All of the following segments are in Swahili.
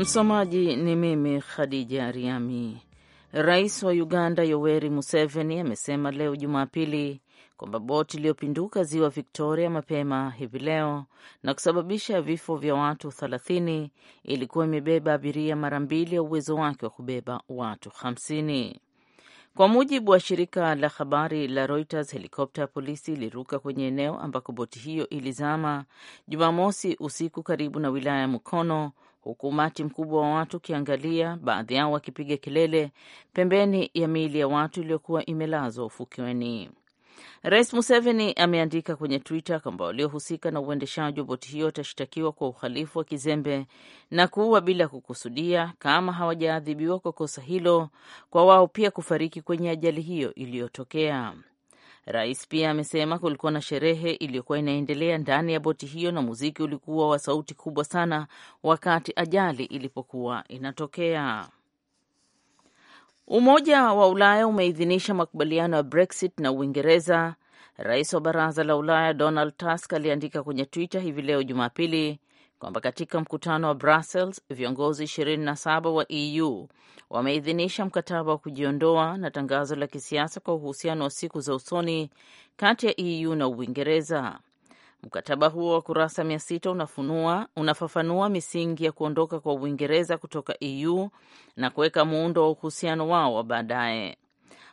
Msomaji ni mimi Khadija Riami. Rais wa Uganda Yoweri Museveni amesema leo Jumapili kwamba boti iliyopinduka ziwa Victoria mapema hivi leo na kusababisha vifo vya watu 30 ilikuwa imebeba abiria mara mbili ya uwezo wake wa kubeba watu 50. Kwa mujibu wa shirika la habari la Reuters, helikopta ya polisi iliruka kwenye eneo ambako boti hiyo ilizama Jumamosi usiku karibu na wilaya ya Mukono, huku umati mkubwa wa watu ukiangalia, baadhi yao wakipiga kelele pembeni ya miili ya watu iliyokuwa imelazwa ufukweni. Rais Museveni ameandika kwenye Twitter kwamba waliohusika na uendeshaji wa boti hiyo watashtakiwa kwa uhalifu wa kizembe na kuua bila kukusudia kama hawajaadhibiwa kwa kosa hilo, kwa wao pia kufariki kwenye ajali hiyo iliyotokea. Rais pia amesema kulikuwa na sherehe iliyokuwa inaendelea ndani ya boti hiyo na muziki ulikuwa wa sauti kubwa sana wakati ajali ilipokuwa inatokea. Umoja wa Ulaya umeidhinisha makubaliano ya Brexit na Uingereza. Rais wa Baraza la Ulaya Donald Tusk aliandika kwenye Twitter hivi leo Jumapili kwamba katika mkutano wa Brussels viongozi 27 wa EU wameidhinisha mkataba wa kujiondoa na tangazo la kisiasa kwa uhusiano wa siku za usoni kati ya EU na Uingereza. Mkataba huo wa kurasa 600 unafunua unafafanua misingi ya kuondoka kwa Uingereza kutoka EU na kuweka muundo wa uhusiano wao wa baadaye.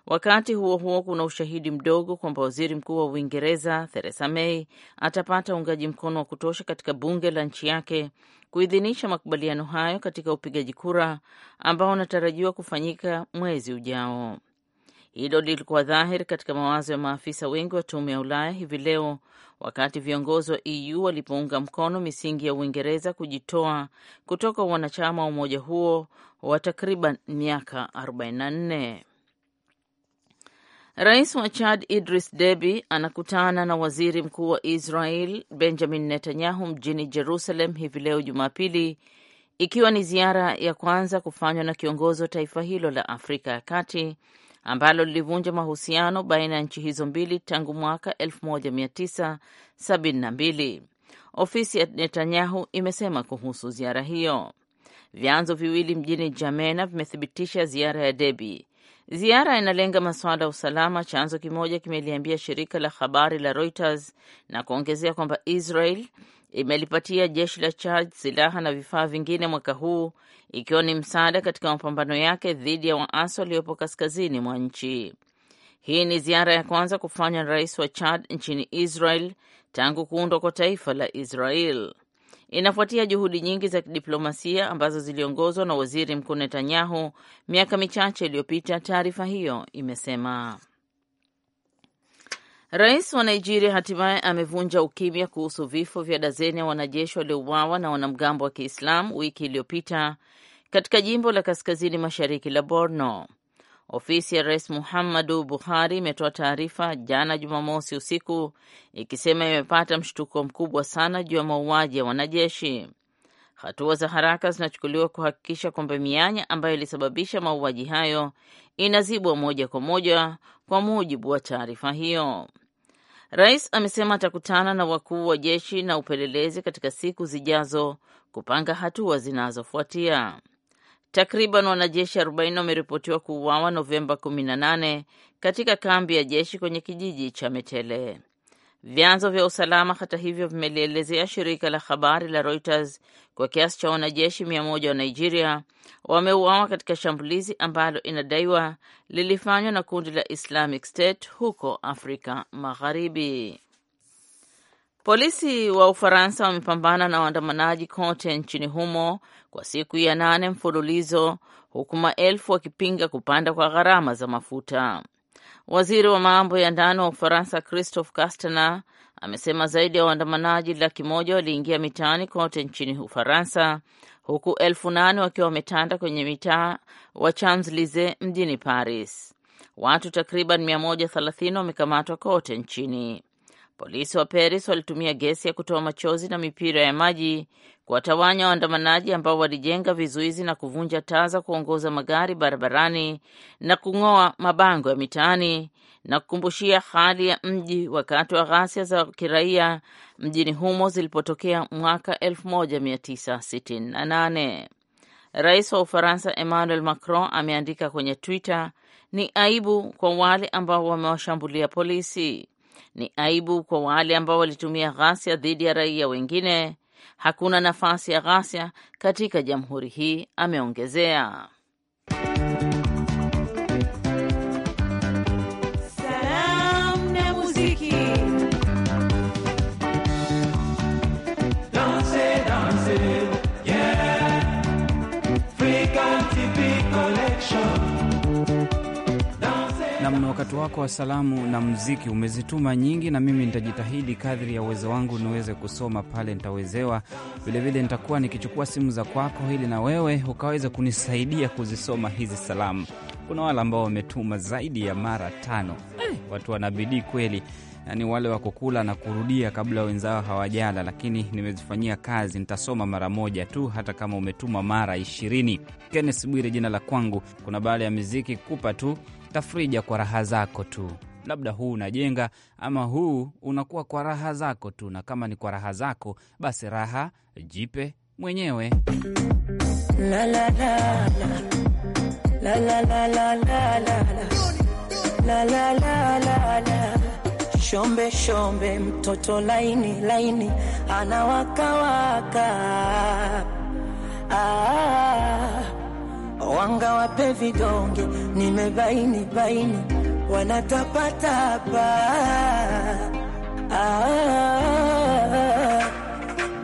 Wakati huo huo, kuna ushahidi mdogo kwamba waziri mkuu wa Uingereza Theresa May atapata uungaji mkono wa kutosha katika bunge la nchi yake kuidhinisha makubaliano hayo katika upigaji kura ambao unatarajiwa kufanyika mwezi ujao. Hilo lilikuwa dhahiri katika mawazo ya maafisa wengi wa tume ya Ulaya hivi leo wakati viongozi wa EU walipounga mkono misingi ya Uingereza kujitoa kutoka wanachama wa umoja huo wa takriban miaka 44. Rais wa Chad Idris Deby anakutana na waziri mkuu wa Israel Benjamin Netanyahu mjini Jerusalem hivi leo Jumapili, ikiwa ni ziara ya kwanza kufanywa na kiongozi wa taifa hilo la Afrika ya Kati ambalo lilivunja mahusiano baina ya nchi hizo mbili tangu mwaka 1972. Ofisi ya Netanyahu imesema kuhusu ziara hiyo. Vyanzo viwili mjini Jamena vimethibitisha ziara ya debi Ziara inalenga masuala ya usalama, chanzo kimoja kimeliambia shirika la habari la Reuters na kuongezea kwamba Israel imelipatia jeshi la Chad silaha na vifaa vingine mwaka huu ikiwa ni msaada katika mapambano yake dhidi ya waasi waliopo kaskazini mwa nchi. Hii ni ziara ya kwanza kufanywa na rais wa Chad nchini Israel tangu kuundwa kwa taifa la Israel. Inafuatia juhudi nyingi za kidiplomasia ambazo ziliongozwa na waziri mkuu Netanyahu miaka michache iliyopita, taarifa hiyo imesema. Rais wa Nigeria hatimaye amevunja ukimya kuhusu vifo vya dazeni ya wanajeshi waliouawa na wanamgambo wa Kiislamu wiki iliyopita katika jimbo la kaskazini mashariki la Borno. Ofisi ya Rais Muhammadu Buhari imetoa taarifa jana Jumamosi usiku ikisema imepata mshtuko mkubwa sana juu ya mauaji ya wanajeshi. Hatua za haraka zinachukuliwa kuhakikisha kwamba mianya ambayo ilisababisha mauaji hayo inazibwa moja kwa moja, kwa mujibu wa taarifa hiyo. Rais amesema atakutana na wakuu wa jeshi na upelelezi katika siku zijazo kupanga hatua zinazofuatia. Takriban wanajeshi 40 wameripotiwa kuuawa Novemba 18 katika kambi ya jeshi kwenye kijiji cha Metele. Vyanzo vya usalama hata hivyo vimelielezea shirika la habari la Reuters kwa kiasi cha wanajeshi mia moja wa Nigeria wameuawa katika shambulizi ambalo inadaiwa lilifanywa na kundi la Islamic State huko Afrika Magharibi. Polisi wa Ufaransa wamepambana na waandamanaji kote nchini humo kwa siku ya nane mfululizo huku maelfu wakipinga kupanda kwa gharama za mafuta. Waziri wa mambo ya ndani wa Ufaransa Christophe Castaner amesema zaidi ya waandamanaji laki moja waliingia mitaani kote nchini Ufaransa, huku elfu nane wakiwa wametanda kwenye mitaa wa Champs-Elysees mjini Paris. Watu takriban 130 wamekamatwa kote nchini. Polisi wa Paris walitumia gesi ya kutoa machozi na mipira ya maji kuwatawanya waandamanaji ambao walijenga vizuizi na kuvunja taa za kuongoza magari barabarani na kung'oa mabango ya mitaani na kukumbushia hali ya mji wakati wa ghasia za kiraia mjini humo zilipotokea mwaka 1968. Rais wa Ufaransa Emmanuel Macron ameandika kwenye Twitter, ni aibu kwa wale ambao wamewashambulia polisi. Ni aibu kwa wale ambao walitumia ghasia dhidi ya raia wengine. Hakuna nafasi ya ghasia katika jamhuri hii, ameongezea. watu wako wa salamu na mziki umezituma nyingi, na mimi nitajitahidi kadri ya uwezo wangu niweze kusoma pale nitawezewa. Vilevile nitakuwa nikichukua simu za kwako ili na wewe ukaweza kunisaidia kuzisoma hizi salamu. Kuna wale ambao wametuma zaidi ya mara tano. Eh, watu wanabidii kweli, yaani wale wa kukula na kurudia kabla wenzao hawajala, lakini nimezifanyia kazi. Nitasoma mara moja tu, hata kama umetuma mara ishirini. Kenneth Bwire jina la kwangu. Kuna baada ya miziki kupa tu frija kwa raha zako tu, labda huu unajenga ama huu unakuwa kwa raha zako tu, na kama ni kwa raha zako, basi raha jipe mwenyewe. Shombe shombe mtoto laini laini anawakawaka ah wanga wape vidonge, nimebaini baini wanatapatapa. Ah,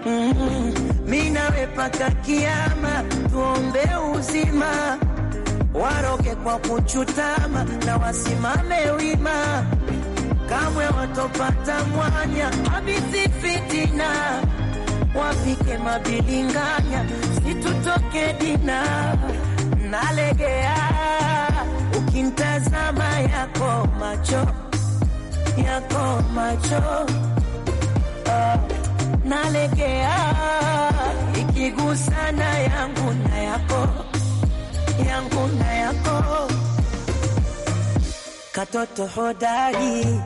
mm -hmm. paka kiama, tuombe uzima, waroge kwa kuchutama na wasimame wima, kamwe watopata mwanya habisi fitina wapike mabilinganya situtoke dina nalegea, ukintazama yako macho yako macho uh, nalegea, ikigusana yangu na yako yangu na yako, katoto hodari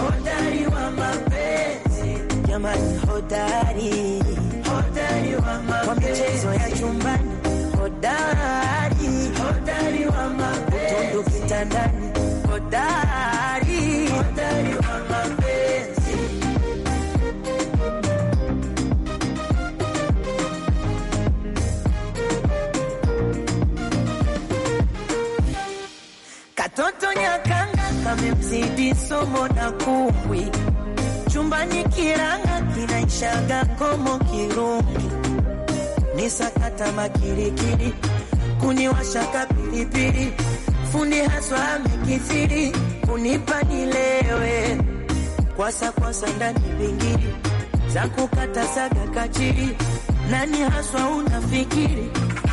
hodari wa mapenzi jamani, hodari hodari wa mapenzi kwa michezo ya chumbani hodari, hodari wa mapenzi, utundu kitandani, hodari, hodari wa mapenzi. Katoto nyakanga kamemzidi somo na kumbwi, chumbani kiranga kinaishaga komo kirungi kama kirikiri, kuniwasha kapilipili, fundi haswa amekithiri, kunipa nilewe kwasa kwasa ndani vingiri za kukata saga kachiri, nani haswa unafikiri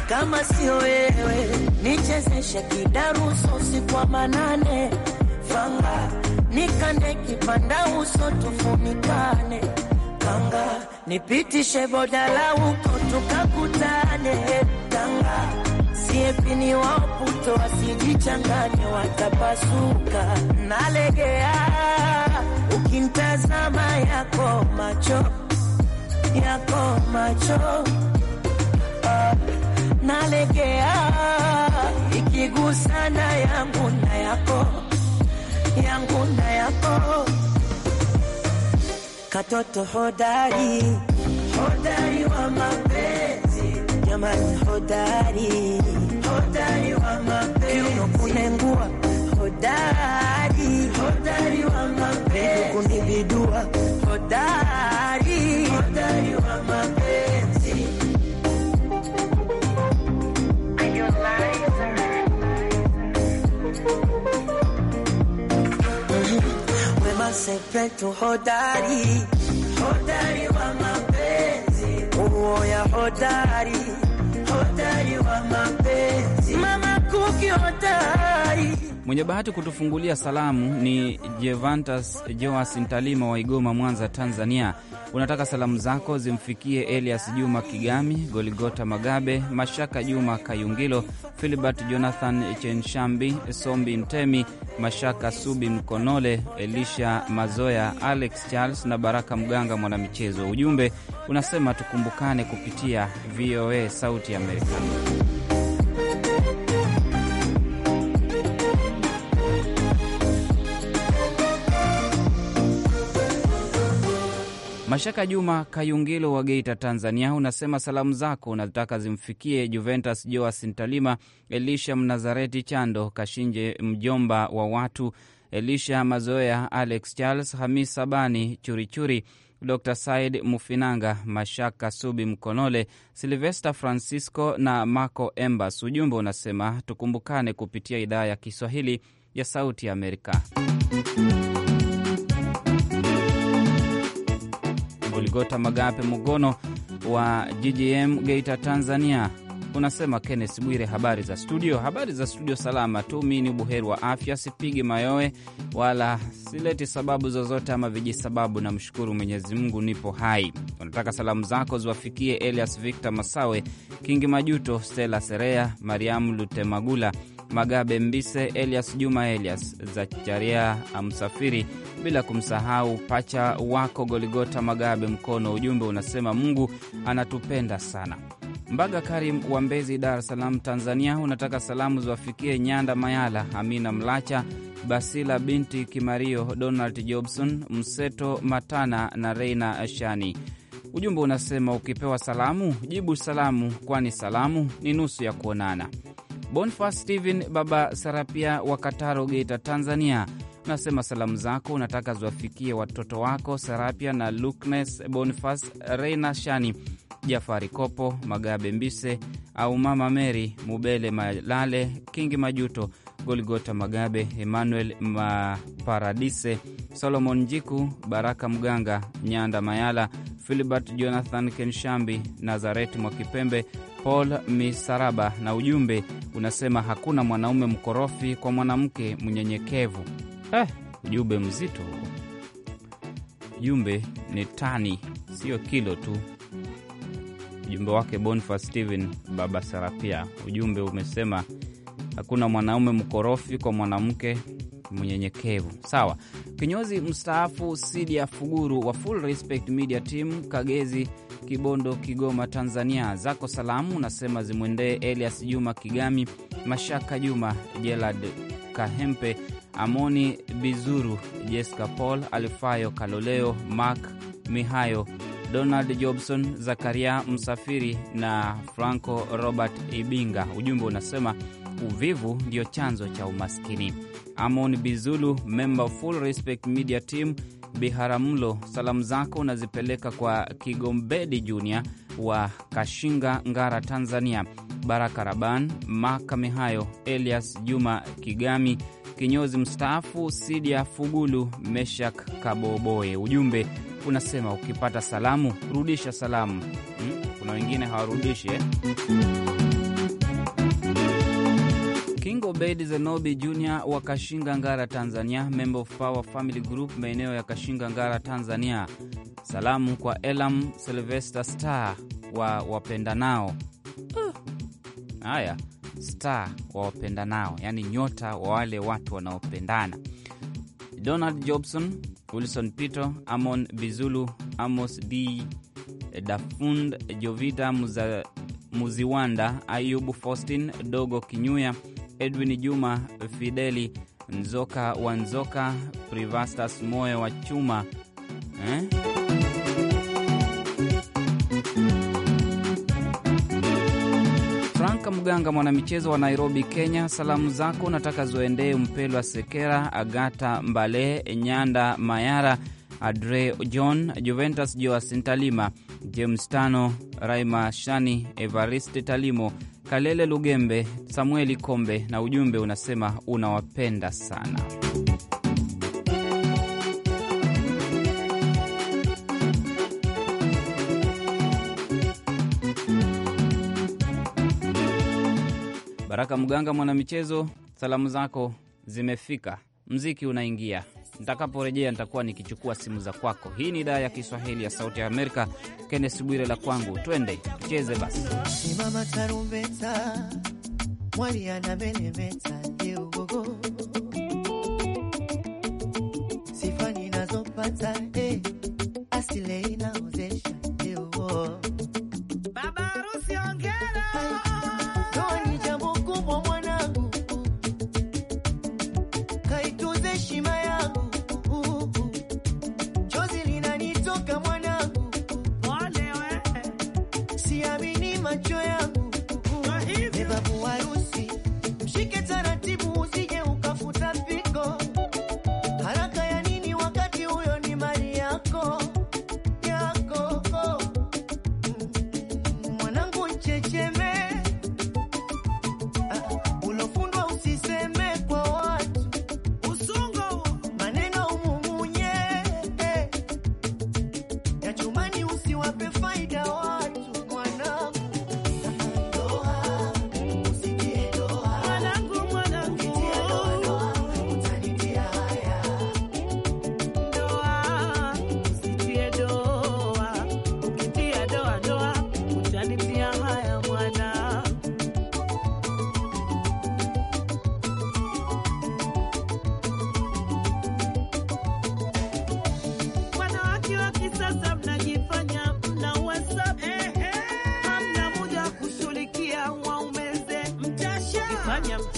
kama sio wewe? Nichezeshe kidaru sosi kwa manane fanga nikande kipanda uso tufunikane kanga nipitishe boda la huko tukakutane Tanga, ni waputo wasijichanganye, watapasuka. Nalegea ukintazama yako macho yako macho ah, nalegea ikigusana yangu na yako yangu na yako katoto hodari, hodari wa mapenzi jamani, hodari, hodari wa mapenzi kunengua, hodari, hodari wa mapenzi kunibidua, hodari, hodari wa mapenzi Sepetu hodari, hodari wa mapenzi, uoya hodari, hodari wa mapenzi, mama kuki hodari Mwenye bahati kutufungulia salamu ni Jevantas Joas Ntalima wa Igoma, Mwanza, Tanzania. Unataka salamu zako zimfikie Elias Juma Kigami, Goligota Magabe, Mashaka Juma Kayungilo, Filibert Jonathan Chenshambi, Sombi Mtemi, Mashaka Subi Mkonole, Elisha Mazoya, Alex Charles na Baraka Mganga, mwanamichezo. Ujumbe unasema tukumbukane kupitia VOA Sauti ya Amerika. Mashaka Juma Kayungilo wa Geita, Tanzania, unasema salamu zako unataka zimfikie Juventus Joas Ntalima, Elisha Mnazareti Chando Kashinje, mjomba wa watu, Elisha Mazoea, Alex Charles, Hamis Sabani Churichuri, Dr Said Mufinanga, Mashaka Subi Mkonole, Silvester Francisco na Marco Embas. Ujumbe unasema tukumbukane kupitia idhaa ya Kiswahili ya Sauti ya Amerika. Goligota Magape Mugono wa GGM Geita, Tanzania. Unasema Kenneth Bwire, habari za studio. Habari za studio, salama tu. Mi ni buheri wa afya, sipigi mayowe wala sileti sababu zozote ama vijisababu. Namshukuru Mwenyezi Mungu nipo hai. Unataka salamu zako ziwafikie Elias Victor Masawe, Kingi Majuto, Stela Serea, Mariamu Lutemagula, Magabe Mbise, Elias Juma, Elias Zacharia Msafiri, bila kumsahau pacha wako Goligota Magabe Mkono. Ujumbe unasema Mungu anatupenda sana. Mbaga Karim wa Mbezi, Dar es Salaam, Tanzania, unataka salamu ziwafikie Nyanda Mayala, Amina Mlacha, Basila binti Kimario, Donald Jobson, Mseto Matana na Reina Shani. Ujumbe unasema ukipewa salamu jibu salamu, kwani salamu ni nusu ya kuonana. Bonifas Stephen Baba Sarapia wa Kataro, Geita, Tanzania, unasema salamu zako unataka ziwafikie watoto wako Sarapia na Luknes Bonifas, Reina Shani, Jafari Kopo, Magabe Mbise au Mama Mary Mubele, Malale Kingi, Majuto, goligota Magabe, Emmanuel Maparadise, Solomon njiku Baraka Mganga, Nyanda Mayala, Filibert Jonathan Kenshambi, Nazareti Mwakipembe Paul Misaraba, na ujumbe unasema hakuna mwanaume mkorofi kwa mwanamke mnyenyekevu. Eh, ujumbe mzito. Ujumbe ni tani, sio kilo tu. Ujumbe wake bonifa Steven Baba Sarapia, ujumbe umesema hakuna mwanaume mkorofi kwa mwanamke mnyenyekevu. Sawa, kinyozi mstaafu Sidia Fuguru wa Full Respect Media Team, Kagezi, Kibondo, Kigoma, Tanzania, zako salamu nasema zimwendee Elias Juma Kigami, Mashaka Juma, Jelad Kahempe, Amoni Bizuru, Jessica Paul, Alifayo Kaloleo, Mark Mihayo, Donald Jobson, Zakaria Msafiri na Franco Robert Ibinga. Ujumbe unasema uvivu ndiyo chanzo cha umaskini. Amon Bizulu, memba Full Respect Media Team, Biharamulo, salamu zako unazipeleka kwa Kigombedi Junior wa Kashinga, Ngara, Tanzania, Baraka Raban Mihayo, Elias Juma Kigami, kinyozi mstaafu Sidia Fugulu, Meshak Kaboboe. Ujumbe unasema ukipata salamu rudisha salamu. Hmm, kuna wengine hawarudishi eh? Obeid Zenobi Jr wa Kashinga Ngara, Tanzania, member of Power Family Group maeneo ya Kashinga Ngara, Tanzania. Salamu kwa Elam Sylvester Star wa nao haya uh, star wa wapendanao, yaani nyota wa wale watu wanaopendana. Donald Jobson, Wilson Pito, Amon Bizulu, Amos D Dafund, Jovita Muza, Muziwanda, Ayubu Faustin Dogo Kinyuya Edwin Juma, Fideli Nzoka wa Nzoka, Privastas Moyo wa Chuma eh? Franka Mganga, mwanamichezo wa Nairobi, Kenya, salamu zako nataka zoendee Mpelwa Sekera, Agata Mbale, Nyanda Mayara, adre John, Juventus Joasin Talima, James Tano, Raima Shani, Evariste Talimo Kalele Lugembe, Samueli Kombe, na ujumbe unasema unawapenda sana. Baraka Mganga, mwanamichezo, salamu zako zimefika. Mziki unaingia. Nitakaporejea nitakuwa nikichukua simu za kwako. Hii ni idhaa ya Kiswahili ya Sauti ya Amerika. Kennes Bwire la kwangu, twende tucheze basi. tarumbeta, mwali anameremeta eugogo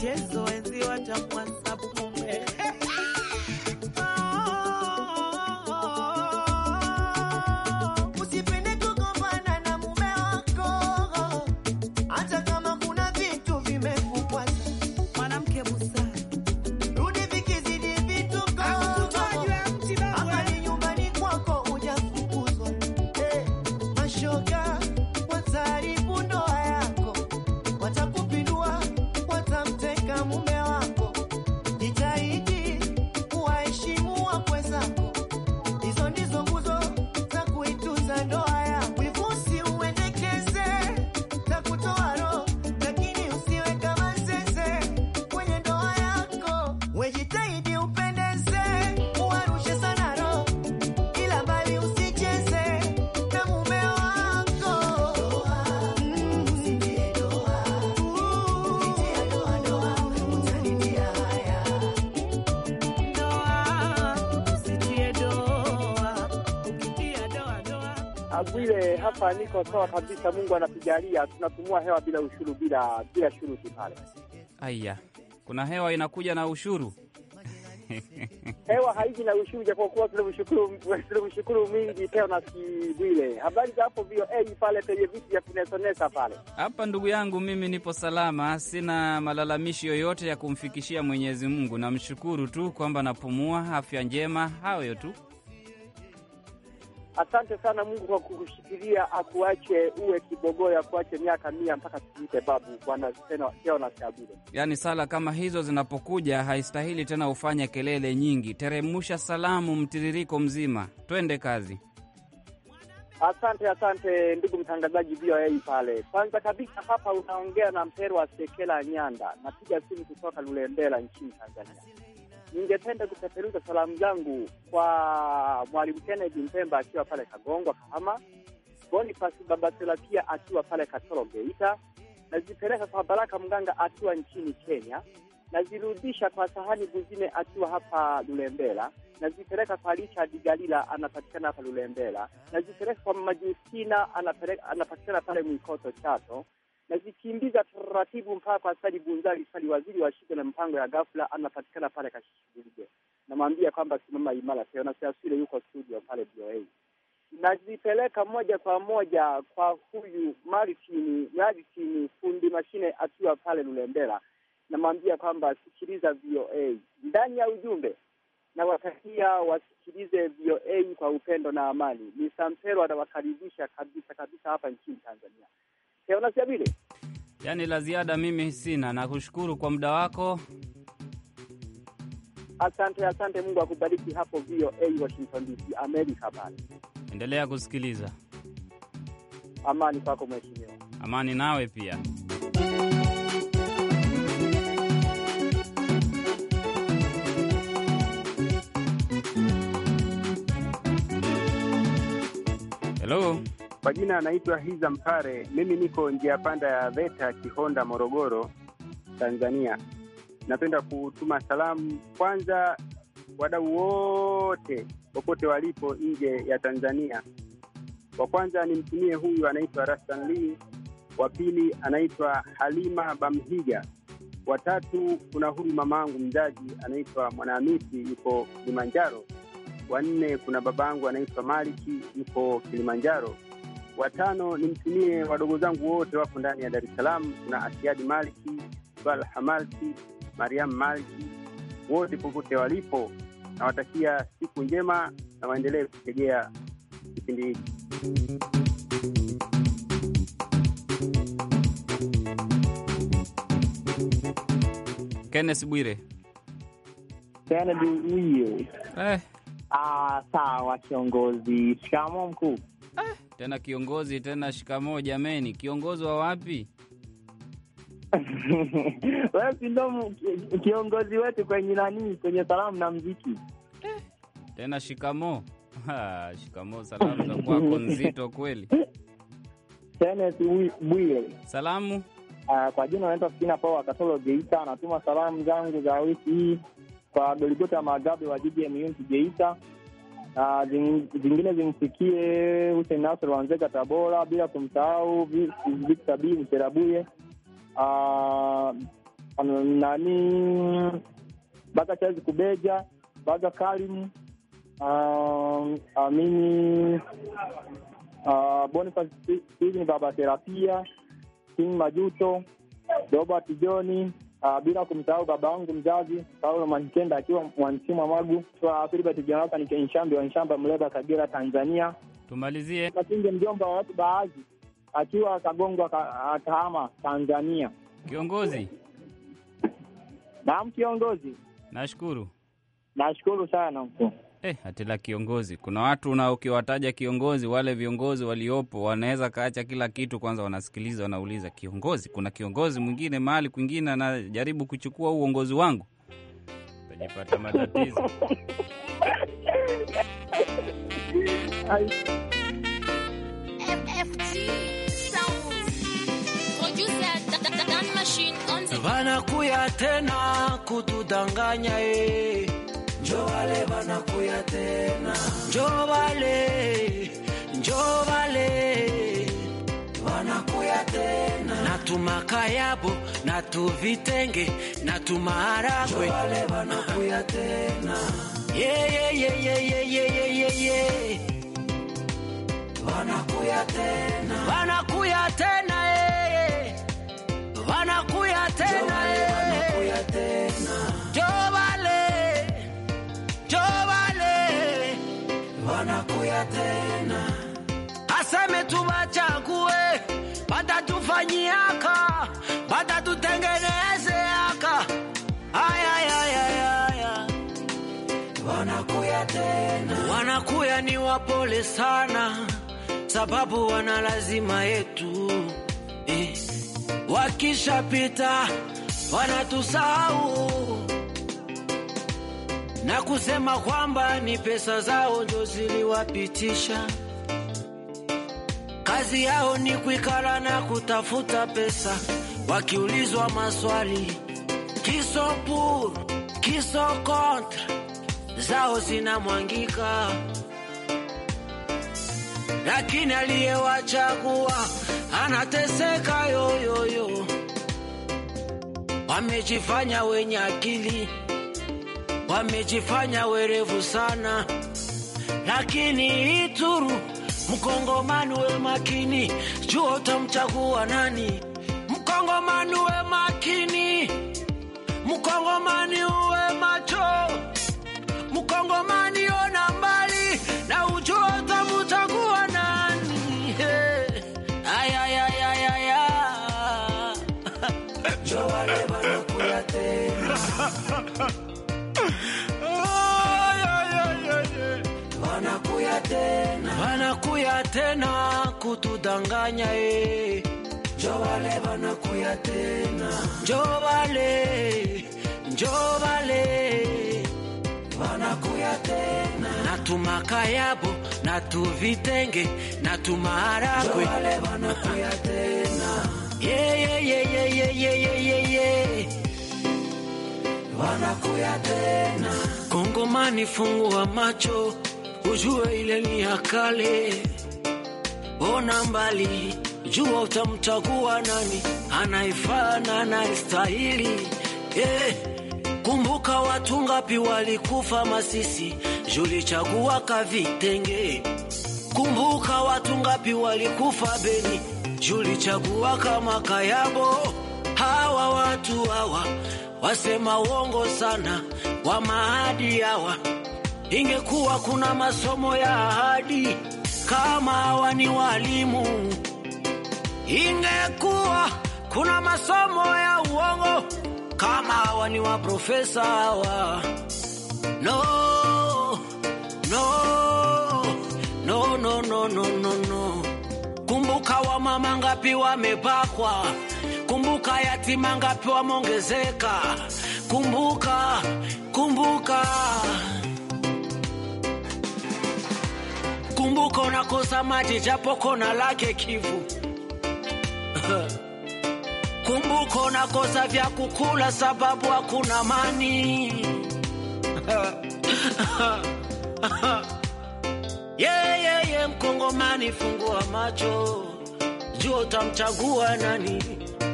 ¡Eso! hapa niko sawa kabisa, Mungu anatujalia, tunatumua hewa bila ushuru, bila bila shuruti pale. Aya, kuna hewa inakuja na ushuru hewa haiji na ushuru, japokuwa tunamshukuru mingi na Si Bwile, habari za hapo vio ei pale penye viti vya kunesonesa pale? Hapa ndugu yangu, mimi nipo salama, sina malalamishi yoyote ya kumfikishia Mwenyezi Mungu, namshukuru tu kwamba napumua, afya njema, hayo tu. Asante sana Mungu kwa kukushikilia, akuache uwe kibogoyo, akuache miaka mia mpaka tuite babu bwana Seona Sabure. Yaani sala kama hizo zinapokuja haistahili tena ufanye kelele nyingi, teremusha salamu mtiririko mzima, twende kazi. Asante, asante ndugu mtangazaji VOA pale. Kwanza kabisa hapa unaongea na Mpero wa Sekela Nyanda, napiga simu kutoka Lulembela nchini Tanzania ningependa kupeperuza salamu zangu kwa Mwalimu Kennedy Mpemba akiwa pale Kagongwa Kahama, bonifasi Babatela pia akiwa pale Katoro Geita. Nazipeleka kwa Baraka Mganga akiwa nchini Kenya, nazirudisha kwa Sahani buzine akiwa hapa Lulembela, nazipeleka kwa Richard Galila anapatikana hapa Lulembela, nazipeleka kwa Majustina anapatikana pale Mwikoto Chato na zikimbiza taratibu mpaka kwa Sali Bunzali. Sali waziri wa shida na mpango ya ghafla anapatikana pale akashughulikia, namwambia kwamba simama imara, Seonasiasile yuko studio pale BOA. Nazipeleka moja kwa moja kwa huyu Martin Martin, fundi mashine akiwa pale Lulembera, namwambia kwamba sikiliza VOA ndani ya ujumbe na wasikilize VOA kwa upendo na amani. Ni Sampero anawakaribisha kabisa kabisa hapa nchini Tanzania. Eonasia vile yaani, la ziada mimi sina. Nakushukuru kwa muda wako. Asante, asante. Mungu akubariki hapo VOA Washington DC, Amerika. bana. endelea kusikiliza. Amani kwako mheshimiwa. Amani nawe pia. Hello. Kwa jina anaitwa Hiza Mpare. Mimi niko njia panda ya VETA Kihonda, Morogoro, Tanzania. Napenda kutuma salamu kwanza wadau wote popote walipo nje ya Tanzania. Wa kwanza nimtumie huyu anaitwa Rastan Lee, wa pili anaitwa Halima Bamhiga, wa tatu kuna huyu mamaangu mzazi anaitwa Mwanahamisi yuko Kilimanjaro, wa nne kuna babangu anaitwa Maliki yuko Kilimanjaro Watano nimtumie wadogo zangu wote wako ndani ya Dar es Salaam, kuna Asiadi Maliki, Swal Hamalki, Mariam Maliki, wote popote walipo, nawatakia siku njema na waendelee kutegea kipindi hiki. Kenneth Bwire eh. Ah, sawa kiongozi, shikamo mkuu eh tena kiongozi tena, shikamoo jameni, kiongozi wa wapi? Wewe ndo kiongozi wetu kwenye nani, kwenye salamu na mziki eh. Tena shikamoo shikamoo, salamu za kwako nzito kweli. Bwire salamu uh, kwa jina naitwa Sina Power Katolo Geita, anatuma salamu zangu za wiki hii kwa Goligota Magabe wa jiji Geita zingine zimfikie Hussein Nasr Wanzeka Tabora, bila kumsahau Victor B Mserabuye, ah, nani Baka chazi Kubeja, Baga Karim, ah, Amini uh, Boniface Baba Therapia, King Majuto, Robert Joni uh, bila kumsahau baba wangu mzazi Paulo Mwankenda akiwa mwansimu wa Magu, Filibert Jonathan wa Nshamba, Mleba, Kagera, Tanzania. Tumalizie Katinge, mjomba wa watu baadhi, akiwa Kagongwa, Kahama, Tanzania. Kiongozi naam, kiongozi, nashukuru nashukuru sana mkuu. Eh, hati la kiongozi. Kuna watu na ukiwataja kiongozi, wale viongozi waliopo wanaweza kaacha kila kitu, kwanza wanasikiliza, wanauliza kiongozi, kuna kiongozi mwingine mahali kwingine anajaribu kuchukua uongozi wangu, utajipata matatizo vanakuya tena kutudanganya eh njo vanakuya tena, njo vale vanakuya tena, na tumakayabo na tuvitenge na tumaharagwe vanakuya tena yeah, yeah, yeah, yeah, yeah, Vanakuya tena. Vanakuya sana, sababu wana lazima yetu eh. Wakishapita wanatusahau na kusema kwamba ni pesa zao ndio ziliwapitisha. Kazi yao ni kuikala na kutafuta pesa, wakiulizwa maswali kiso pour kiso kontra zao zinamwangika lakini aliyewachagua anateseka yoyoyo. Wamejifanya wenye akili, wamejifanya werevu sana, lakini Ituru mkongomani we makini, jua utamchagua nani? Mkongomani we makini, mkongomani uwe macho, mkongomani tena kutudanganya eh. Njo wale tena. Njo wale. Njo tena. Na tumakayabo, na tuvitenge, na tumaharagwe. Njo wale wanakuja tena. Yeah, yeah, yeah, yeah, yeah, yeah, yeah, tena. Kongomani, fungua macho, ujue ile ni ya kale ona mbali, jua utamtagua nani anaifaa na anayestahili. Eh, kumbuka watu ngapi walikufa Masisi, julichagua kavitenge. Kumbuka watu ngapi walikufa Beni, julichagua kama Kayabo. Hawa watu hawa wasema uongo sana, wa maadi hawa. Ingekuwa kuna masomo ya ahadi kama hawa ni walimu, ingekuwa kuna masomo ya uongo kama hawa ni waprofesa hawa. No, no, no, no, no, no, no. Kumbuka wamama ngapi wamepakwa, kumbuka yatima ngapi wameongezeka, kumbuka, kumbuka Kumbuka unakosa maji japo kona lake Kivu. Kumbuka unakosa vya kukula sababu hakuna mani. Yeye yeah, yeah, Mkongomani, fungua macho, jua utamchagua nani,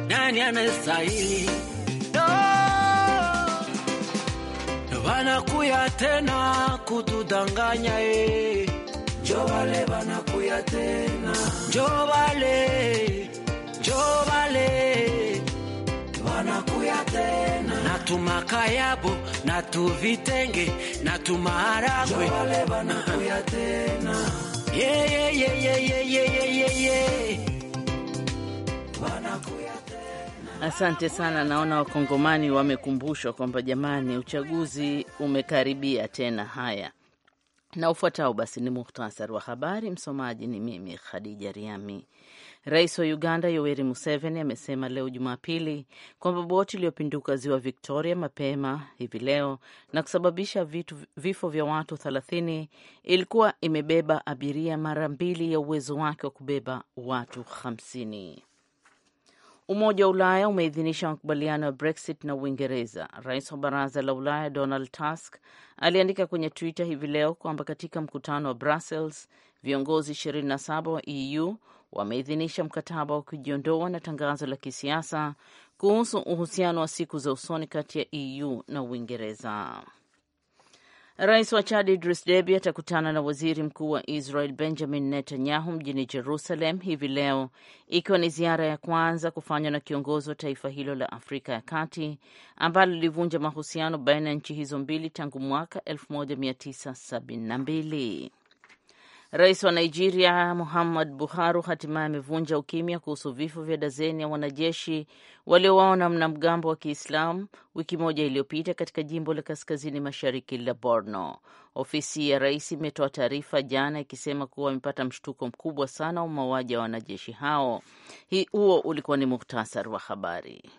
nani anastahili. No, wanakuya tena kutudanganya eh. Jo vale, jo vale. Wanakuya tena. Na tumakayabu, na tuvitenge, na tumaharagwe. Jo vale wanakuya tena. Yeah, yeah, yeah, yeah, yeah, yeah, yeah, yeah. yeah. Wanakuya Asante sana. Naona wakongomani wamekumbushwa kwamba jamani, uchaguzi umekaribia tena. Haya, na ufuatao basi ni muhtasari wa habari. Msomaji ni mimi Khadija Riami. Rais wa Uganda Yoweri Museveni amesema leo Jumapili kwamba boti iliyopinduka ziwa Victoria mapema hivi leo na kusababisha vitu, vifo vya watu 30 ilikuwa imebeba abiria mara mbili ya uwezo wake wa kubeba watu 50. Umoja wa Ulaya umeidhinisha makubaliano ya Brexit na Uingereza. Rais wa Baraza la Ulaya Donald Tusk aliandika kwenye Twitter hivi leo kwamba katika mkutano wa Brussels viongozi 27 wa EU wameidhinisha mkataba wa kujiondoa na tangazo la kisiasa kuhusu uhusiano wa siku za usoni kati ya EU na Uingereza. Rais wa Chad Idris Deby atakutana na waziri mkuu wa Israel Benjamin Netanyahu mjini Jerusalem hivi leo, ikiwa ni ziara ya kwanza kufanywa na kiongozi wa taifa hilo la Afrika ya Kati ambalo lilivunja mahusiano baina ya nchi hizo mbili tangu mwaka 1972. Rais wa Nigeria Muhammad Buhari hatimaye amevunja ukimya kuhusu vifo vya dazeni ya wanajeshi na mnamgambo wa Kiislamu wiki moja iliyopita katika jimbo la kaskazini mashariki la Borno. Ofisi ya rais imetoa taarifa jana ikisema kuwa wamepata mshtuko mkubwa sana wa mauaji ya wanajeshi hao. Huo ulikuwa ni muhtasari wa habari.